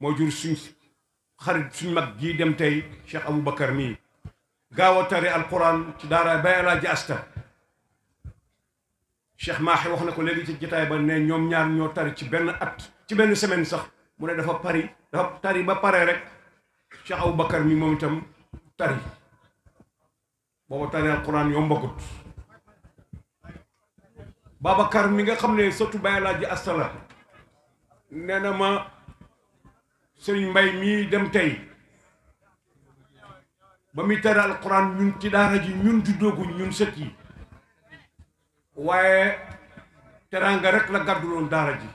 moo jur suñ xarit suñ mag jii dem tey Cheikh Aboubacar mii gaaw a tari alquran ci daara bay alaaji asta Cheikh Maaxi wax na ko léegi ci jotaay ba ne ñoom ñaar ñoo tari ci benn at ci benn semaine sax mu ne dafa pari dafa tari ba pare rek Cheikh Aboubacar mi moom itam tari booba tari alquran mi nga xam ne sotu bay alaaji asta la nee ma sëriñ mbay mii dem tey ba muy tari alquran ñun ci daara ji ñun juddooguñ ñun sët yi waaye teraanga rek la gàdduloon daara ji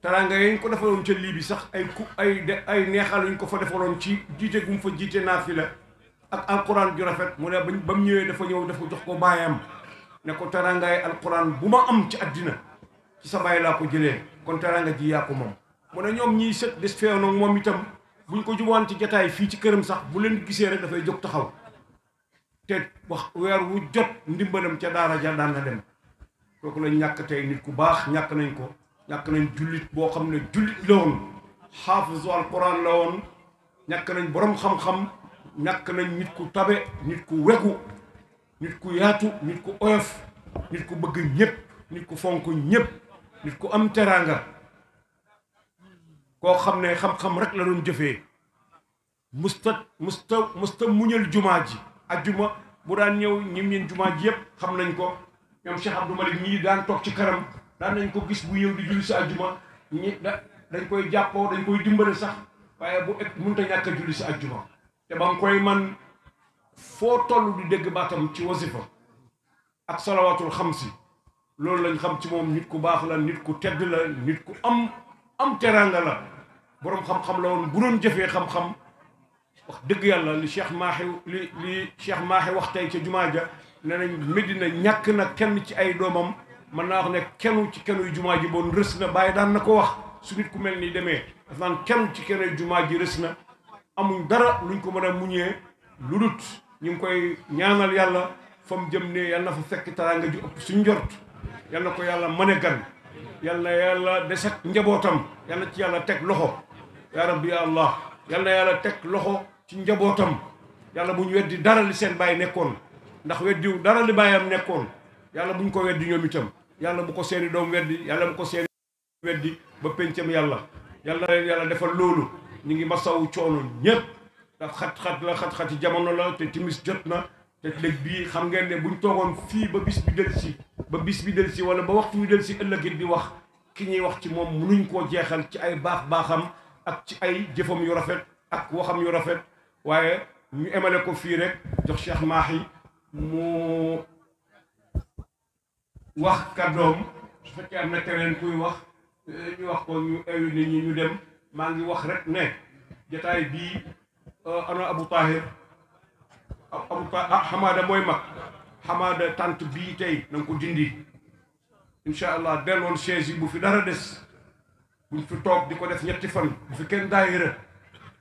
teraanga yañ ko defaloon ca lii bi sax ay ku ay neexal yuñ ko fa defaloon ci jiite gum fa jiite la ak alquran ju rafet mu ne ba mu ñëwee dafa ñëw dafa jox ko baayam ne ko teraangaay alquran bu ma am ci àddina ci sa baay laa ko jëlee kon teraanga ji yaa ko moom mu ne ñoom ñiy sët des feew nag moom itam buñ ko juboon ci jataay fii ci këram sax bu leen gisee rek dafay jóg taxaw te wax weer wu jot ndimbalam ca daara ja daan na dem kooku lañ nit ku baax ñàkk nañ ko ñàkk nañ jullit boo xam ne jullit la woon xaafisu ñàkk nañ boroom xam-xam ñàkk nañ nit ku tabe nit ku wegu nit ku yaatu nit ku oyof nit ku bëgg ñëpp nit ku fonk ñëpp nit ku am teraanga koo xam ne xam-xam rek la doon jëfee musta musta musta muñal jumaa ji ajjuma bu daan ñëw ñim ñeen jumaa ji yëpp xam nañ ko ñoom Cheikh Abdou Malick ñii daan toog ci kanam daan nañ ko gis bu ñëw di julli si ajjuma ñi da dañ koy jàppoo dañ koy dimbale sax waaye bu eg mënut a ñàkk a julli si ajjuma te ba nga koy man foo toll di dégg baatam ci wasifa ak xam si loolu lañ xam ci moom nit ku baax la nit ku tedd la nit ku am am teraanga la boroom xam-xam la woon bu doon jëfee xam-xam wax dëgg yàlla li Cheikh Maaxi li Cheikh Maaxi wax tey ca jumaa ja nee nañ Medina ñàkk na kenn ci ay doomam mën naa wax ne kennu ci kennuy jumaa ji boon rës na bàyyi daan na ko wax su nit ku mel nii demee daf naan kenn ci kennuy jumaa ji rës na amuñ dara luñ ko mën a muñee lu dut ñu ngi koy ñaanal yàlla fa jëm ne yàlla na fa fekk teraanga ju ëpp suñ njort yàlla na ko yàlla mën a gan yal na yàlla deset njabootam yal ci yàlla teg loxo yaa rabbi ya allah yal na yàlla teg loxo ci njabootam yàlla bu ñu weddi dara li seen bàyyi nekkoon ndax weddiw dara li bàyyam nekkoon yàlla bu ñu ko weddi ñoom itam yàlla bu ko seeni doom weddi yàlla bu ko seeni weddi ba péncam yàlla yàlla na leen yàlla defal loolu ñu ngi masawu coono ñépp ndax xat-xat la xat-xati jamono la te timis jot na ëllëg bii xam ngeen ne buñ toogoon fii ba bis bi del si ba bis bi del si wala ba waxtu bi del si ëllëgit di wax ki ñuy wax ci moom nuñ koo jeexal ci ay baax baaxam ak ci ay jëfam yu rafet ak waxam yu rafet waaye ñu emale ko fii rek jox Cheikh Mahi mu wax kàddoom su fekkee am na keneen kuy wax eh, ñu wax ko ñu ewi ñi ñu dem maa ngi wax rek ne jataay bii eh, ana Abou Tahir xamaada ah, mooy mag xamaada tant bii tey na nga ko dindi incha allah delloon chaise bu fi dara des buñ fi toog di ko def ñetti fan bu fi kenn daayira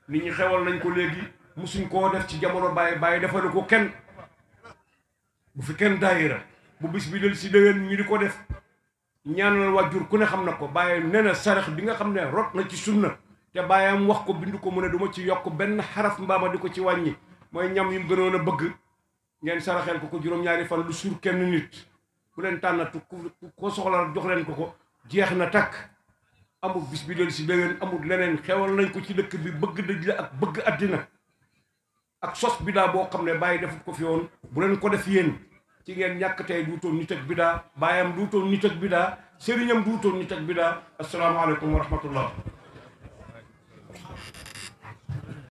nit ñi xewal nañ ko léegi musuñ koo def ci jamono bàyyi bàyyi defalu ko kenn bu fi kenn daayira bu bis bi del si déwén ñu di ko def ñaanal wàjjur ku ne xam na ko bàyyi nee na bi nga xam ne rot na ci sunna te bàyyam wax ko bind ko mu ne duma ma ci yokk benn xaraf mbaama di ko ci wàññi mooy ñam yu mu gënoon a bëgg ngeen saraxel ko ko juróom-ñaari fan lu suur kenn nit bu leen tànnatu ko soxla jox leen ko ko jeex na takk amul bis bi del si beneen amul leneen xewal nañ ko ci dëkk bi bëgg dëj la ak bëgg àddina ak sos biddaa boo xam ne bàyyi defut ko fi yoon bu leen ko def yéen ci ngeen ñàkk tey duutoon nit ak bidaa baayam duutoon nit ak bidaa sëriñam duutoon nit ak bidaa asalaamaaleykum wa rahmatullah